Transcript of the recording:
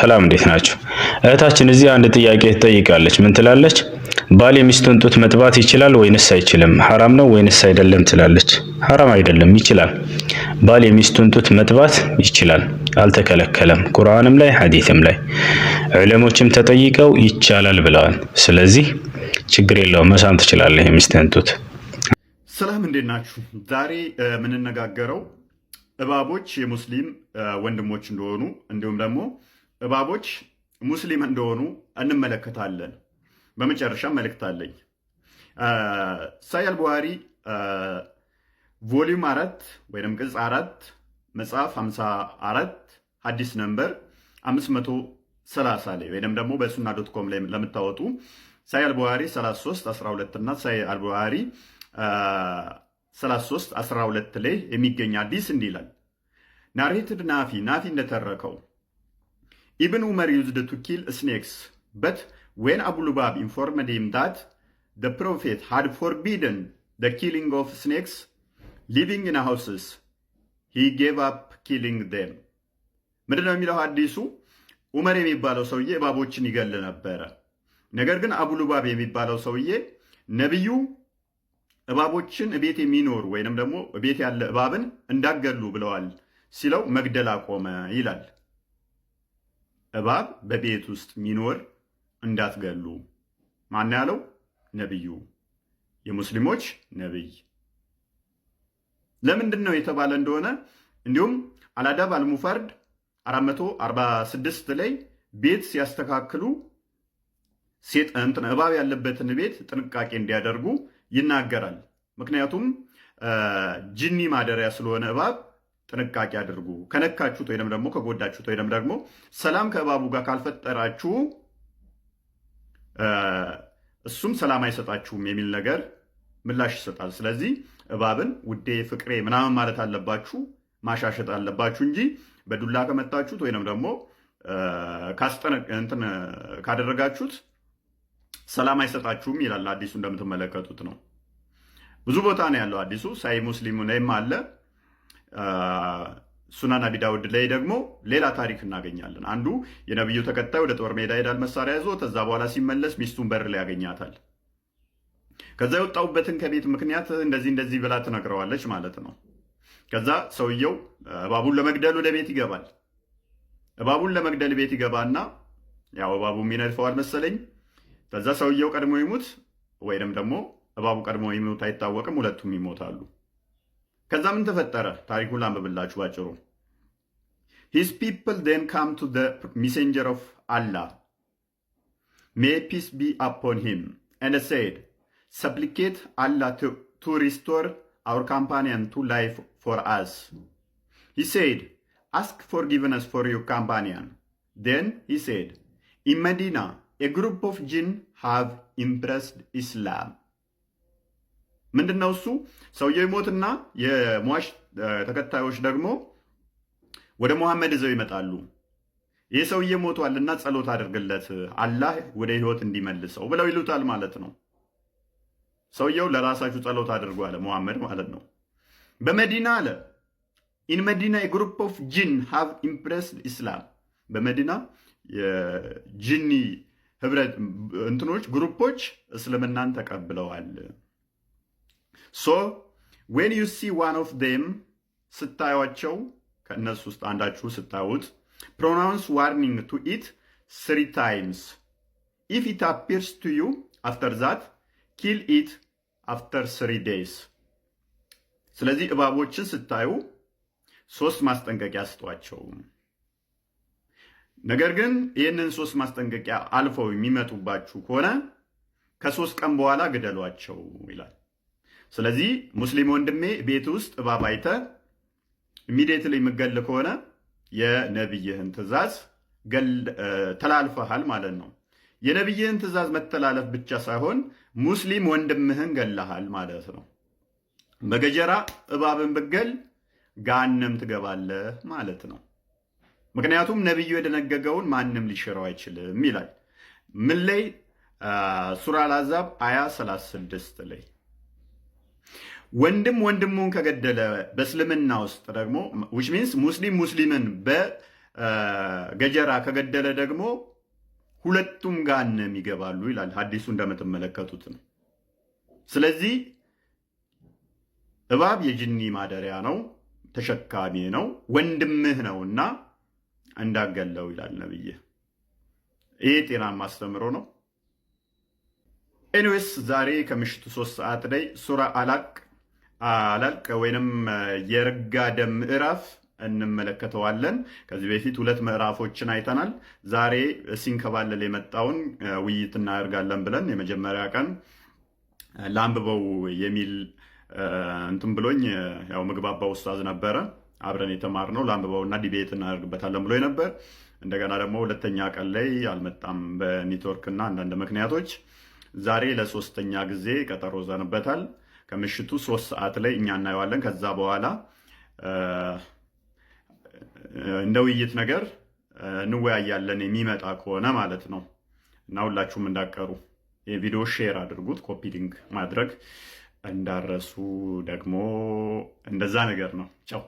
ሰላም እንዴት ናችሁ እህታችን እዚህ አንድ ጥያቄ ትጠይቃለች። ምን ትላለች? ባል የሚስቱን ጡት መጥባት ይችላል ወይንስ አይችልም? ሐራም ነው ወይንስ አይደለም ትላለች። ሐራም አይደለም፣ ይችላል። ባል የሚስቱን ጡት መጥባት ይችላል፣ አልተከለከለም። ቁርአንም ላይ ሐዲስም ላይ ዕለሞችም ተጠይቀው ይቻላል ብለዋል። ስለዚህ ችግር የለውም፣ መሳም ትችላለህ የሚስትህን ጡት። ሰላም እንዴት ናችሁ? ዛሬ የምንነጋገረው እባቦች የሙስሊም ወንድሞች እንደሆኑ እንዲሁም ደግሞ እባቦች ሙስሊም እንደሆኑ እንመለከታለን። በመጨረሻ መልእክት አለኝ። ሳይ አልቡሃሪ ቮሊዩም አራት ወይም ቅጽ አራት መጽሐፍ 54 ሀዲስ ነምበር 530 ላይ ወይም ደግሞ በሱና ዶት ኮም ላይ ለምታወጡ ሳያል አልቡሃሪ 33 12 እና ሳያል አልቡሃሪ 33 12 ላይ የሚገኝ አዲስ እንዲህ ይላል ናሬትድ ናፊ ናፊ እንደተረከው Ibn Umar used to kill snakes, but when Abu Lubab informed him that the Prophet had forbidden the killing of snakes living in houses, he gave up killing them. ምንድነው የሚለው ሐዲሱ? ዑመር የሚባለው ሰውዬ እባቦችን ይገል ነበረ። ነገር ግን አቡሉባብ የሚባለው ሰውዬ ነቢዩ እባቦችን እቤት የሚኖር ወይንም ደግሞ እቤት ያለ እባብን እንዳገሉ ብለዋል ሲለው መግደል አቆመ ይላል። እባብ በቤት ውስጥ ሚኖር እንዳትገሉ። ማን ያለው? ነቢዩ፣ የሙስሊሞች ነቢይ። ለምንድን ነው የተባለ እንደሆነ እንዲሁም አላዳብ አልሙፈርድ 446 ላይ ቤት ሲያስተካክሉ እባብ ያለበትን ቤት ጥንቃቄ እንዲያደርጉ ይናገራል። ምክንያቱም ጅኒ ማደሪያ ስለሆነ እባብ ጥንቃቄ አድርጉ። ከነካችሁት ወይም ደግሞ ከጎዳችሁት ወይም ደግሞ ሰላም ከእባቡ ጋር ካልፈጠራችሁ እሱም ሰላም አይሰጣችሁም የሚል ነገር ምላሽ ይሰጣል። ስለዚህ እባብን ውዴ፣ ፍቅሬ ምናምን ማለት አለባችሁ፣ ማሻሸጥ አለባችሁ እንጂ በዱላ ከመታችሁት ወይም ደግሞ ካደረጋችሁት ሰላም አይሰጣችሁም ይላል አዲሱ። እንደምትመለከቱት ነው። ብዙ ቦታ ነው ያለው አዲሱ። ሳይ ሙስሊሙ ነይም አለ ሱናን አቢ ዳውድ ላይ ደግሞ ሌላ ታሪክ እናገኛለን። አንዱ የነቢዩ ተከታይ ወደ ጦር ሜዳ ሄዳል መሳሪያ ይዞ። ከዛ በኋላ ሲመለስ ሚስቱን በር ላይ ያገኛታል። ከዛ የወጣሁበትን ከቤት ምክንያት እንደዚህ እንደዚህ ብላ ትነግረዋለች ማለት ነው። ከዛ ሰውየው እባቡን ለመግደል ወደ ቤት ይገባል። እባቡን ለመግደል ቤት ይገባና ያው እባቡ የሚነድፈዋል መሰለኝ። ከዛ ሰውየው ቀድሞ ይሙት ወይንም ደግሞ እባቡ ቀድሞ ይሙት አይታወቅም፣ ሁለቱም ይሞታሉ። ከዛ ምን ተፈጠረ? ታሪኩን ላንብብላችሁ ባጭሩ። ሂስ ፒፕል ዜን ካም ቱ ዘ ሜሴንጀር ኦፍ አላህ ሜይ ፒስ ቢ አፖን ሂም ኤንድ ሴድ ሰፕሊኬት አላህ ቱ ሪስቶር አወር ካምፓኒን ቱ ላይፍ ፎር አስ ሂ ሴድ አስክ ፎርጊቭነስ ፎር ዩር ካምፓኒን ዜን ሂ ሴድ ኢን መዲና ኤ ግሩፕ ኦፍ ጂን ሃቭ ኢምፕረስድ ኢስላም ምንድን ነው እሱ ሰውየው ይሞትና የሟች ተከታዮች ደግሞ ወደ መሐመድ ይዘው ይመጣሉ። ይህ ሰውዬ ሞቷልና ጸሎት አድርግለት አላህ ወደ ህይወት እንዲመልሰው ብለው ይሉታል ማለት ነው። ሰውየው ለራሳችሁ ጸሎት አድርጉ አለ መሐመድ ማለት ነው። በመዲና አለ ኢን መዲና የግሩፕ ኦፍ ጂን ሃቭ ኢምፕሬስድ ኢስላም በመዲና የጂኒ ህብረት እንትኖች ግሩፖች እስልምናን ተቀብለዋል። ሶ ዌን ዩ ሲ ዋን ኦፍ ዴም ስታዩቸው ከእነሱ ውስጥ አንዳችሁ ስታዩት ፕሮናውንስ ዋርኒንግ ቱ ኢት ስሪ ታይምስ ኢፍ ኢት አፒርስ ቱ ዩ አፍተር ዛት ኪል ኢት አፍተር ስሪ ዴይስ። ስለዚህ እባቦችን ስታዩ ሶስት ማስጠንቀቂያ ስጧቸው። ነገር ግን ይህንን ሶስት ማስጠንቀቂያ አልፈው የሚመጡባችሁ ከሆነ ከሶስት ቀን በኋላ ግደሏቸው ይላል። ስለዚህ ሙስሊም ወንድሜ ቤት ውስጥ እባብ አይተህ ኢሚዲየትሊ የምገል ከሆነ የነብይህን ትእዛዝ ተላልፈሃል ማለት ነው። የነብይህን ትእዛዝ መተላለፍ ብቻ ሳይሆን ሙስሊም ወንድምህን ገላሃል ማለት ነው። በገጀራ እባብን ብገል ጋንም ትገባለህ ማለት ነው። ምክንያቱም ነብዩ የደነገገውን ማንም ሊሽረው አይችልም ይላል። ምን ላይ ሱራ አልአዛብ አያ 36 ላይ ወንድም ወንድሙን ከገደለ በእስልምና ውስጥ ደግሞ ዊች ሚንስ ሙስሊም ሙስሊምን በገጀራ ከገደለ ደግሞ ሁለቱም ገሃነም ይገባሉ ይላል ሀዲሱ እንደምትመለከቱት ነው። ስለዚህ እባብ የጅኒ ማደሪያ ነው፣ ተሸካሚ ነው፣ ወንድምህ ነውና እንዳገለው ይላል ነብይ። ይህ ጤናማ አስተምሮ ነው። ኤኒዌይስ ዛሬ ከምሽቱ ሶስት ሰዓት ላይ ሱራ አላቅ አላቅ ወይንም የርጋደ ምዕራፍ እንመለከተዋለን። ከዚህ በፊት ሁለት ምዕራፎችን አይተናል። ዛሬ ሲንከባለል የመጣውን ውይይት እናደርጋለን ብለን የመጀመሪያ ቀን ለአንብበው የሚል እንትን ብሎኝ ያው ምግባባ ውስታዝ ነበረ አብረን የተማርነው ላንብበው እና ዲቤት እናደርግበታለን ብሎ ነበር። እንደገና ደግሞ ሁለተኛ ቀን ላይ አልመጣም በኔትወርክ እና አንዳንድ ምክንያቶች ዛሬ ለሶስተኛ ጊዜ ቀጠሮ ዘንበታል። ከምሽቱ ሶስት ሰዓት ላይ እኛ እናየዋለን። ከዛ በኋላ እንደ ውይይት ነገር እንወያያለን የሚመጣ ከሆነ ማለት ነው። እና ሁላችሁም እንዳቀሩ የቪዲዮ ሼር አድርጉት፣ ኮፒ ሊንክ ማድረግ እንዳረሱ ደግሞ እንደዛ ነገር ነው። ቻው